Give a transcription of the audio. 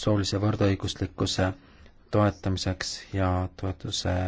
soolise võrdõiguslikkuse toetamiseks ja toetuse